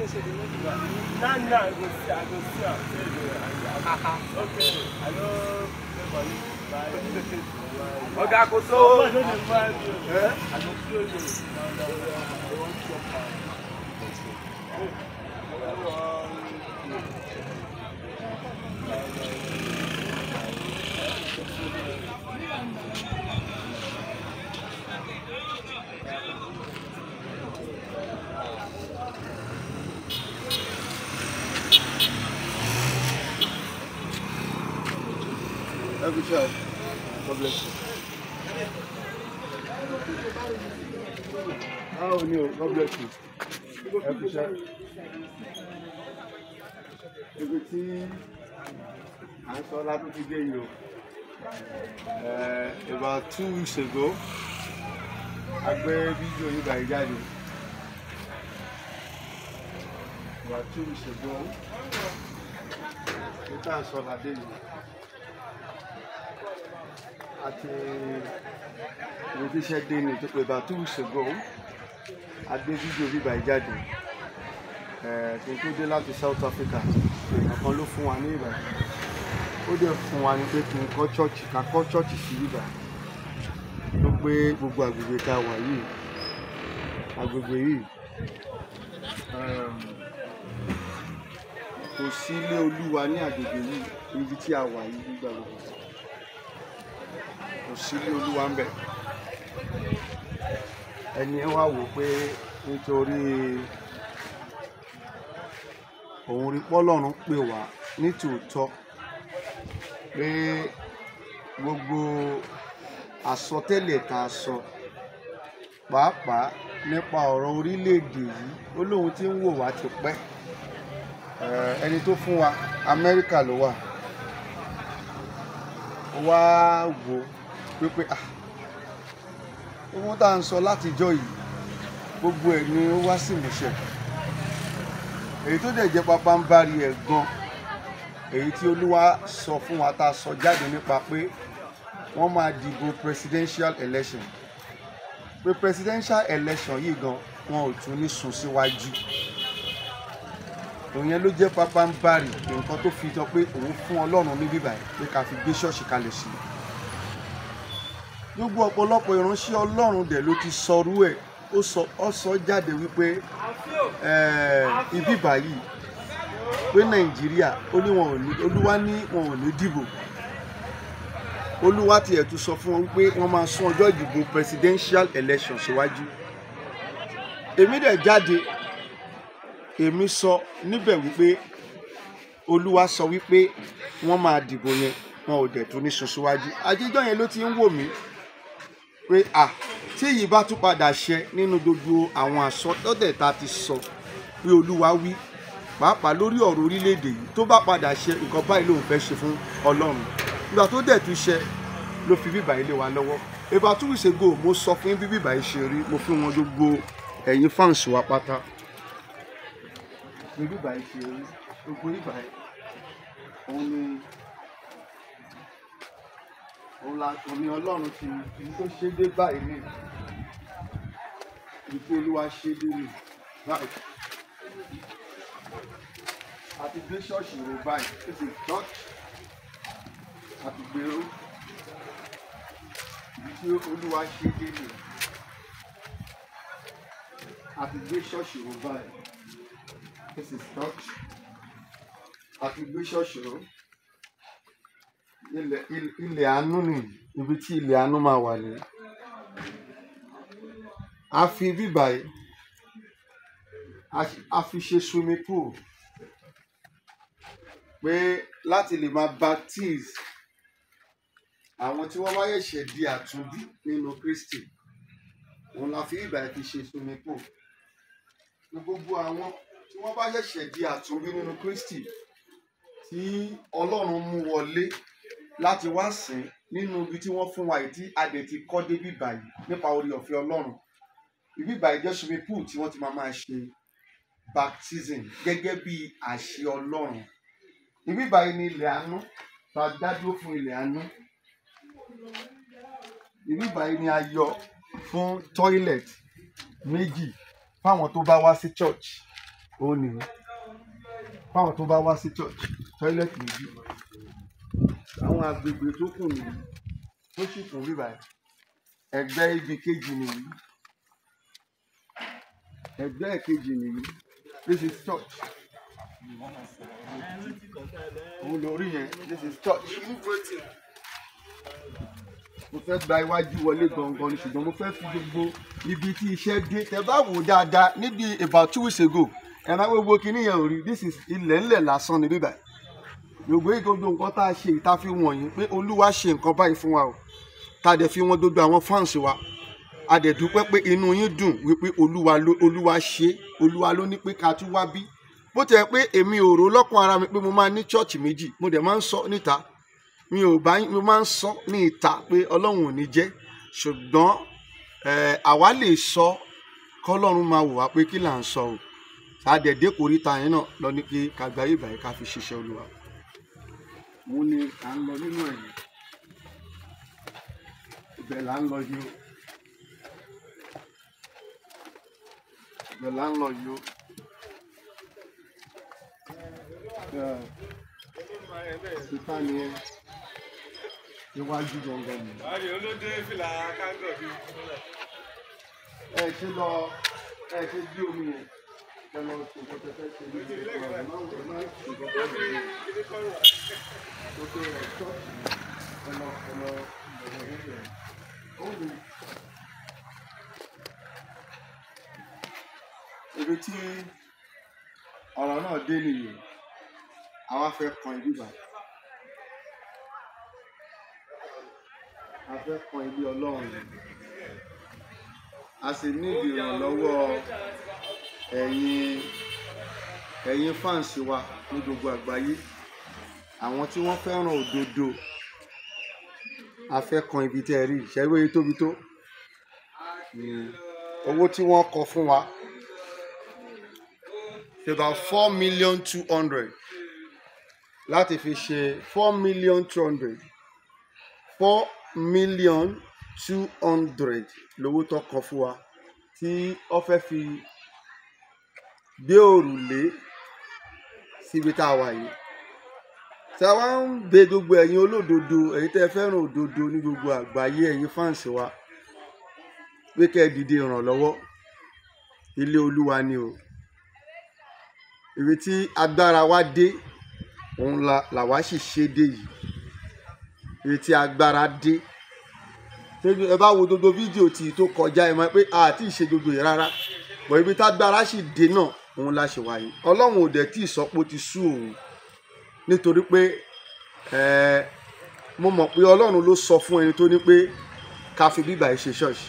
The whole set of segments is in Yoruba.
Now, now, I go see, I go see am. Okay, I no pay money to kò sówó. Have a good child. God bless you. How are you? God bless you. Have a good child. Ibi tí à ń sọ ládùn ti dé yìí o. Eh, about two weeks ago, I a video you guys got jáde. About two weeks ago, ìta ń sọ ládé yìí at a revision day ní ìtòkè about two weeks ago a gbé fídíò bíbá ìjáde kí n tó dé láti South Africa èèyàn kan ló fún wa ní ìbà ó dẹ̀ fún wa ní pé kí n kọ́ chọ́ọ̀chì ká kọ́ chọ́ọ̀chì sí ìbà ló pé gbogbo àgbègbè tá wà yìí àgbègbè yìí kò sí ilé olúwa ní àgbègbè yìí ibi tí a wà yìí gbàgbọ́ kò sí ilé olúwa ń bẹ. ẹni wá wò pé nítorí òun rí pọ́lọ́run pè wá ní tòótọ́ pé gbogbo àsọtẹ́lẹ̀ tá a sọ pàápàá nípa ọ̀rọ̀ orílẹ̀-èdè yìí ó lóun ti ń wò wá tipẹ́ ẹni tó fún wa Amẹ́ríkà ló wà wá wò wípé ah owó tá à ń sọ látijọ́ yìí gbogbo ẹ̀ ni ó wá sí ìmúṣẹ èyí tó dẹ̀ jẹ́ pápá ń bari ẹ̀ gan èyí tí olúwa sọ fún wa tá a sọ jáde nípa pé wọ́n máa dìbò presidential election pé presidential election yìí gan wọn ò tún ní sùn síwájú òun yẹn ló jẹ́ pápá ń bari nǹkan tó fi jọ pé òun fún ọlọ́run ní bíbáyìí pé ká fi gbé ṣọ́ọ̀ṣì kalẹ̀ sí i gbogbo ọ̀pọ̀lọpọ̀ ìránṣẹ́ Ọlọ́run dẹ̀ ló ti sọrú ẹ̀ ó sọ ó sọ jáde wípé ibi báyìí pé Nàìjíríà olúwa ní wọn ò ní dìbò olúwa tiẹ̀ tún sọ fún wọn pé wọ́n máa sún ọjọ́ ìdìbò presidential election síwájú èmi dẹ̀ jáde èmi sọ níbẹ̀ wípé olúwa sọ wípé wọ́n máa dìbò yẹn wọn ò dẹ̀ tún ní sún síwájú àjíjọ́ yẹn ló ti ń wò mí pé à tí èyí bá tún padà ṣẹ nínú gbogbo àwọn àsọtẹ́lẹ̀ tá a ti sọ pé olúwa wí pàápàá lórí ọ̀rọ̀ orílẹ̀-èdè yìí tó bá padà ṣe nǹkan báyìí lòun fẹ́ ṣe fún ọlọ́run ìgbà tó dẹ̀ tún ṣe ló fi bíbà ilé wa lọ́wọ́ ìbá tún ṣe go mo sọ fún bí bíbà yìí ṣe rí mo fi wọn gbogbo ẹ̀yin fáǹsì wa pátá bí bíbà yìí ṣe rí gbogbo bíbà yìí òun ni òní ọlọ́run ti ní tó ṣe dé báyìí ní ìpín olúwa ṣe dé ní báyìí àti gbé ṣọ́ọ̀ṣì rò báyìí tó ti tọ́ọ̀ṣì àti gbèrú ibi tí olúwa ṣe dé ní àti gbé ṣọ́ọ̀ṣì rò báyìí tó ti àti gbé ṣọ́ọ̀ṣì rò ilẹ̀ ilẹ̀ àánú nìyí ibi tí ilẹ̀ àánú máa wà nìyí a fi bíbà yìí a fi ṣe swimming pool pé láti lè máa baptize àwọn tí wọ́n bá ṣẹ̀ṣẹ̀ di àtúnbí nínú Kristi òun la fi bíbà yìí fi ṣe swimming pool gbogbo àwọn tí wọ́n bá ṣẹ̀ṣẹ̀ di àtúnbí nínú Kristi tí Ọlọ́run mú wọlé láti wá sìn nínú ibi tí wọ́n fún wa yìí tí a dẹ̀ ti kọ́ débi báyìí nípa orí ọ̀fẹ́ ọlọ́run ibi báyìí jẹ́ swimming pool tí wọ́n ti máa máa ṣe baptism gẹ́gẹ́ bí àṣẹ ọlọ́run ibi báyìí ni ilẹ̀ àánú tá a dádúró fún ilẹ̀ àánú ibi báyìí ni a yọ fún toilet méjì fáwọn tó bá wá sí church ó nìyẹn fáwọn tó bá wá sí church toilet méjì àwọn agbègbè tó kù nìyí tó sì kún bíbá ẹgbẹ́ ibi kejì nìyí ẹgbẹ́ kejì nìyí this is church òun lórí yẹn this is church mo fẹ́ gba iwájú wọlé gangan ni ṣùgbọ́n mo fẹ́ fi gbogbo ibi tí iṣẹ́ dé tẹ wò dáadáa níbi about two weeks ago ẹ̀rọ gbogbo kìnìyàn ò rí this is ilẹ̀ ńlẹ̀ lásán ni bíbá gbogbo ìgbogbo nǹkan tá a ṣe ìta fi wọ̀nyí pé olúwa ṣe nǹkan báyìí fún wa o tá a dẹ̀ fi wọn gbogbo àwọn fáǹsì wa a dẹ̀ dúpẹ́ pé inú yín dùn wípé olúwa ló olúwa ṣe olúwa ló ní pé ká tún wá bí bó tẹ̀ pé èmi ò rò lọ́kàn ara mi pé mo máa ní chọ́ọ̀chì méjì mo dẹ̀ máa ń sọ níta mi ò bá mo máa ń sọ ní ìta pé ọlọ́run ò ní jẹ́ ṣùgbọ́n àwa lè sọ kọ́lọ́run máa wò wá pé kí là ń sọ o àdẹ̀dẹ́ kórìíta yẹn náà lọ ní kí kàgbáyé ìbàyẹ̀ ká fi ṣiṣẹ́ olúwa òun ni à ń lọ nínú ẹ̀yìn ibẹ̀ là ń lọ yìí o ibẹ̀ là ń lọ yìí o ìta ni ẹ iwájú gangan ni. àyè olóde fìlà kángọ̀ bíi ẹ ti lọ ẹ ti bí omi yẹn ẹ lọ sọ̀tọ̀ tẹ́tẹ́ ṣe ní ìgbà náà ẹ máa ń ṣe ní ìgbà Ibi tí ọ̀rọ̀ náà dé nìyí, àwa fẹ́ kan ibi bàí. A fẹ́ kan ilé Ọlọ́run. A sì ní ìrànlọ́wọ́ ẹ̀yin ẹ̀yin fáǹsì wa ní gbogbo àgbáyé àwọn tí wọ́n fẹ́ràn òdodo afẹ́kan ibi tẹ́ ẹ rí ìṣẹ́wé tóbi tó hmm. owó tí wọ́n kọ fún wa about four million two hundred láti fi ṣe four million two hundred four million two hundred lówó tó kọ fún wa tí wọ́n fẹ́ fi gbé òrùlé síbi tá a wà yìí tá a wá ń bẹ gbogbo ẹ̀yin olódodo ẹ̀yin tẹ́ fẹ́ràn òdodo ní gbogbo àgbáyé ẹ̀yin fáǹsì wa pé kẹ́ ẹ dìde ìrànlọ́wọ́ ilé olúwa ni o ibi tí agbára wa dé òun làwa sì ṣe dé yìí ibi tí agbára dé ẹ bá wo gbogbo fídíò tí tó kọjá ẹ mọ̀ pé àti ìṣe gbogbo yìí rárá bọ̀ ibi tágbára sì dé náà òun la ṣe wáyé ọlọ́run ò dẹ̀ tí ìsọpọ̀ ti sú òun nítorí pé ẹ̀ẹ́ mo mọ̀ pé ọlọ́run ló sọ fún ẹni tó ní pé ká fi bíbà yìí ṣe ṣọ́ọ̀ṣì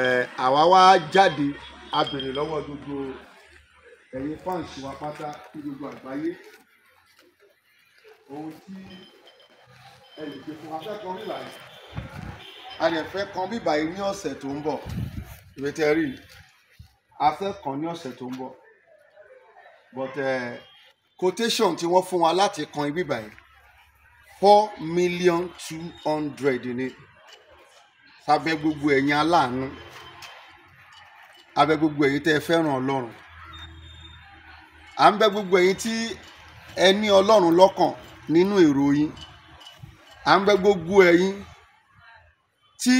ẹ̀ẹ́ àwa wá jáde a béèrè lọ́wọ́ gbogbo ẹ̀yin fáǹsì wa pátá ní gbogbo àgbáyé ohun tí ẹ lè fún akẹ́kọ̀ọ́ nílà yìí a lè fẹ́ kan bíbà yìí ní ọ̀sẹ̀ tó ń bọ̀ ìrètí ẹ rí i a fẹ́ kan ní ọ̀sẹ̀ tó ń bọ̀ bọ́tẹ́ ẹ̀ quotation tí wọ́n fún wa láti kan ibi báyìí four million two hundred ni sábẹ́ gbogbo ẹ̀yin aláàánú abẹ́ gbogbo ẹ̀yin tẹ́ ẹ fẹ́ràn ọlọ́run à ń bẹ̀ gbogbo ẹ̀yin tí ẹ ní ọlọ́run lọ́kàn nínú èrò yín à ń bẹ̀ gbogbo ẹ̀yin tí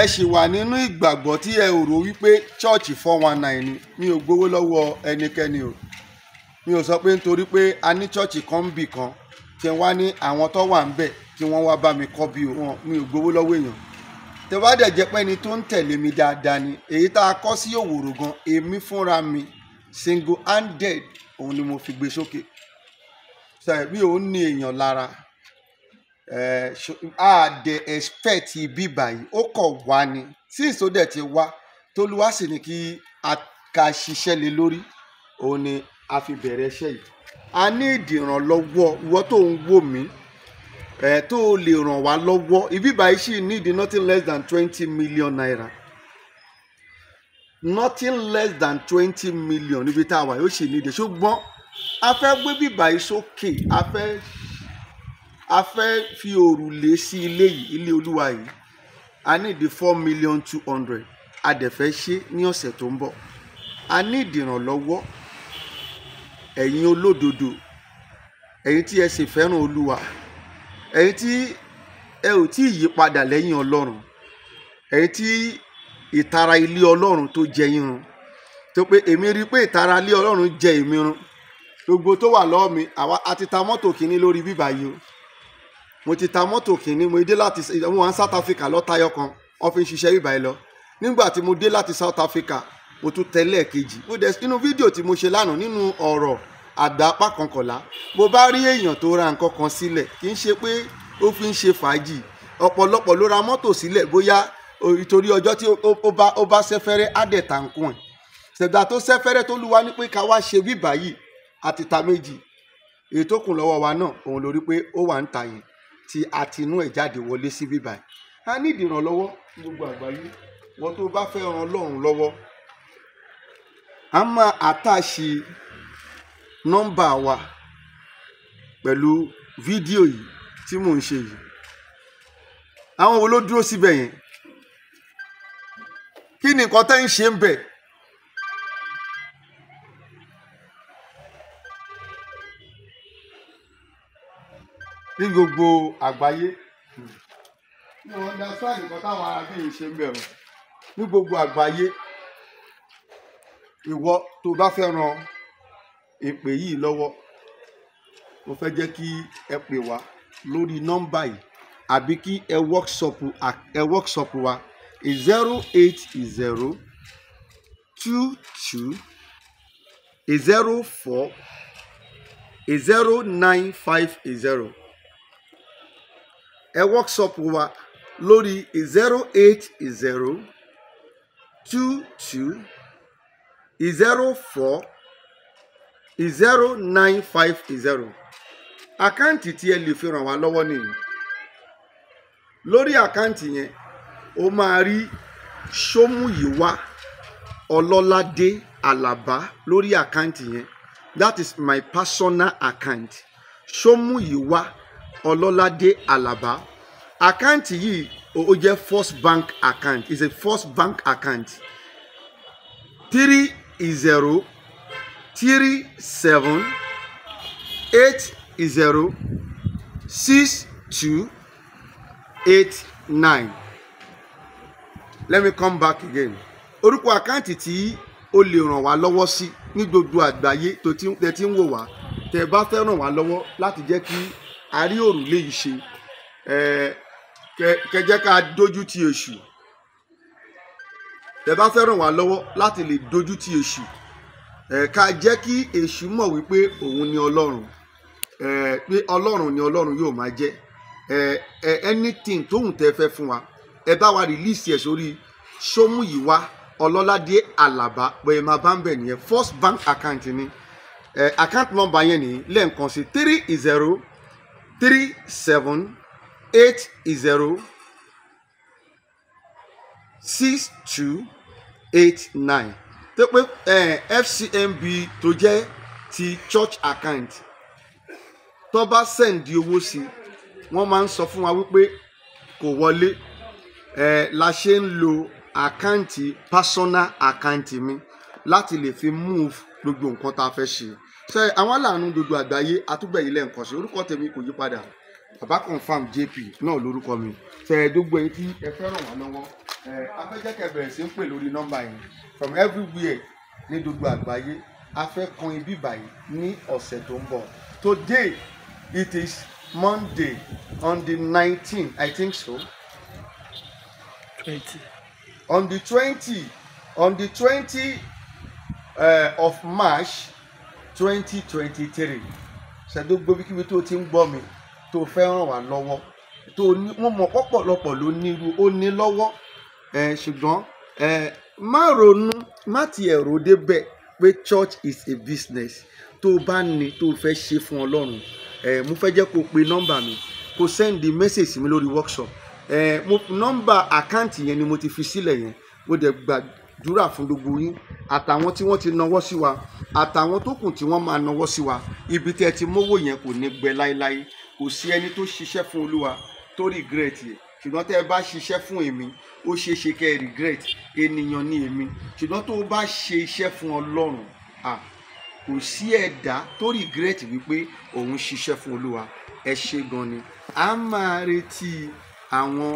ẹ sì wà nínú ìgbàgbọ́ tí ẹ ò rò wípé church four one nine ni mi ò gbowó lọ́wọ́ ẹnikẹ́ni o mi ò sọ pé nítorí pé a ní church kan ń bì kan kí n ní àwọn tó wà ń bẹ̀ kí wọ́n wá bá mi kọ́ bí wọn mi ò gbowó lọ́wọ́ èèyàn tẹ jẹ́ pé ẹni tó ń tẹ̀lé mi dáadáa ni èyí tá a kọ́ sí òwòrò gan èmi fúnra mi single handed òun ni mo fi gbé sókè mi ò ní èèyàn lára Eh, a dẹ̀ expect ibi báyìí ó kọ̀ wá ni since ó dẹ̀ ti wá tolúwa sì ni kí a ka ṣiṣẹ́ lé lórí òun ni a fi bẹ̀rẹ̀ iṣẹ́ yìí a ní ìdìrànlọ́wọ́ ìwọ tó ń wò mí ẹ̀ eh, tó lè ràn wá lọ́wọ́ ibi báyìí sì need nothing less than twenty million naira nothing less than twenty million níbi tá a wà yóò sì need ṣùgbọ́n a fẹ́ gbé bíbá yìí sókè a fẹ́ a fẹ́ fi òrùlé sí ilé yìí ilé olúwa yìí a need four million two hundred a dẹ̀ fẹ́ ṣe ní ọ̀sẹ̀ tó ń bọ̀ a need ìrànlọ́wọ́ ẹ̀yin olódodo ẹ̀yin tí ẹ sì fẹ́ràn olúwa ẹ̀yin tí ẹ ò tí ì yí padà lẹ́yìn ọlọ́run ẹ̀yin tí ìtara ilé ọlọ́run tó jẹ yín run tó pé èmi rí i pé ìtara ilé ọlọ́run jẹ èmi run gbogbo tó wà lọ́wọ́ mi àwa àti ta mọ́tò kìíní lórí bíbá yìí o mo ti ta mọ́tò kìíní mo dé láti mo wà South Africa lọ́tayọ̀ kan wọ́n fi ń ṣiṣẹ́ ibà yìí lọ nígbà tí mo dé láti South Africa mo tún tẹ́lẹ̀ kejì mo dẹ̀ nínú fídíò tí mo ṣe lánàá nínú ọ̀rọ̀ àgbà apá kọkànlá mo bá rí èèyàn tó ra nǹkan kan sílẹ̀ kì í ṣe pé ó fi ń ṣe fàájì ọ̀pọ̀lọpọ̀ ló ra mọ́tò sílẹ̀ bóyá ìtorí ọjọ́ tí ó bá sẹ́fẹ́rẹ́ á dẹ̀ tà ń ẹ̀ ṣẹ̀dá tó tí àtinú ẹ̀ jáde wọlé sí bíbá yìí a ní ìdìrànlọ́wọ́ gbogbo àgbáyé wọn tó bá fẹ́ ran Ọlọ́run lọ́wọ́ a máa àtàṣì nọ́mbà wa pẹ̀lú fídíò yìí tí mò ń ṣe yìí àwọn wo ló dúró síbẹ̀ yẹn kí ni nǹkan tẹ́ ń ṣe ń bẹ̀ ní gbogbo àgbáyé ní wọn dá sáàdì kan táwọn ará bí ìṣe ń bẹ̀rù ní gbogbo àgbáyé ìwọ tó bá fẹ́ ran ìpè yìí lọ́wọ́ mo fẹ́ jẹ́ kí ẹ pè wá lórí nọ́mbà yìí àbí kí ẹ wọ́ọ̀ṣọ̀pù ẹ wọ́ọ̀ṣọ̀pù wa zero eight zero two two zero four zero nine five zero ẹ workshop wa lórí zero eight zero two two zero four zero nine five zero àkáǹtì tí ẹ lè fi ràn wá lọ́wọ́ nìyí lórí àkáǹtì yẹn o máa rí Ṣómúyìwá Ọlọ́ládé Àlàbá lórí àkáǹtì yẹn that is my personal account Ṣómúyìwá ọlọ́ládé àlàbá àkáǹtì yìí ó jẹ́ first bank account it's a first bank account three zero three seven eight zero six two eight nine let me come back again orúkọ àkáǹtì tí ó lè ràn wá lọ́wọ́ sí ní gbogbo àgbáyé tó ti ń wò wá tẹ́ bá fẹ́ ràn wá lọ́wọ́ láti jẹ́ kí a rí òrùlé yìí ṣe kẹjẹ ká dojú ti èṣù tẹ́ bá fẹ́ ràn wá lọ́wọ́ láti lè dojú ti èṣù ká jẹ́ kí èṣù mọ̀ wípé òun ni ọlọ́run pé ọlọ́run ni ọlọ́run yóò máa jẹ́ anything tóun tẹ́ fẹ́ fún wa ẹ bá wa release ẹ̀ sórí Ṣómúyìwá Ọlọ́ládé Àlàbá bẹ́ẹ̀ máa bá ń bẹ̀ nìyẹn first bank account ni account number yẹn nìyí lẹ́ǹkan sí three zero three seven eight zero six two eight nine tó pé fcmb tó jẹ́ ti church account tó bá sẹ́ǹdì owó sí wọ́n máa ń sọ fún wa wípé kò wọlé la ṣe ń lo àkáǹtì personal àkáǹtì mi láti lè fi move gbogbo nǹkan tá a fẹ́ ṣe ṣe àwọn aláàánú gbogbo àgbáyé àtúgbẹ̀yìn lẹ́ǹkan sí orúkọ tèmi kò yí padà bàbá confam jp náà lórúkọ mi ṣe gbogbo yín tí ẹ fẹ́ràn wá lọ́wọ́ ẹ afẹ́jẹ́kẹ́ bẹ̀rẹ̀ sí ń pè lórí nọ́mbà yẹn from everywhere ní gbogbo àgbáyé afẹ́ kan ibi báyìí ní ọ̀sẹ̀ tó ń bọ̀ today it is monday on the nineteen i think so twenty on the twenty on the twenty uh, of march twenty twenty three ṣàdógbò bíkíbi tó ti ń gbọ́ mi tó fẹ́ ràn wá lọ́wọ́ tó ní wọ́n mọ̀ pọ̀pọ̀lọpọ̀ ló nírú ó ní lọ́wọ́ ṣùgbọ́n má ronú má tiẹ̀ rò débẹ̀ pé church is a business tó bá ní tó fẹ́ ṣe fún ọlọ́run mo fẹ́ jẹ́ kó pe nọ́mbà mi kó sẹ́ndì mẹ́sẹ̀sì sí mi lórí workshop nọ́mbà àkáǹtì yẹn ni mo ti fi sílẹ̀ yẹn mo dẹ̀ gbà gbàdúrà fún gbogbo yín àtàwọn tí wọ́n ti nawọ́ sí wa àtàwọn tó kù tí wọ́n máa nawọ́ sí wa ibi tẹ́ ẹ ti mówó yẹn kò ní gbẹ láéláé kò sí ẹni tó ṣiṣẹ́ fún olúwa tó regret yẹ ṣùgbọ́n tẹ́ ẹ bá ṣiṣẹ́ fún èmi ó ṣeé ṣe kẹ́ ẹ regret ènìyàn ni èmi ṣùgbọ́n tó bá ṣe iṣẹ́ fún ọlọ́run à kò sí ẹ̀dá tó regret wípé òun ṣiṣẹ́ fún olúwa ẹ ṣe gan ni a máa retí àwọn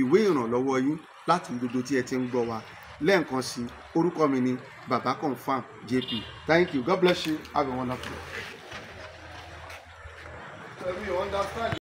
ìwé ìrànlọ́wọ́ yín láti gbogbo tí ẹ ti ń gbọ́ wa lẹ́ẹ̀kan sí orúkọ mi ni baba confam jp thank you god bless you have a wonderful day.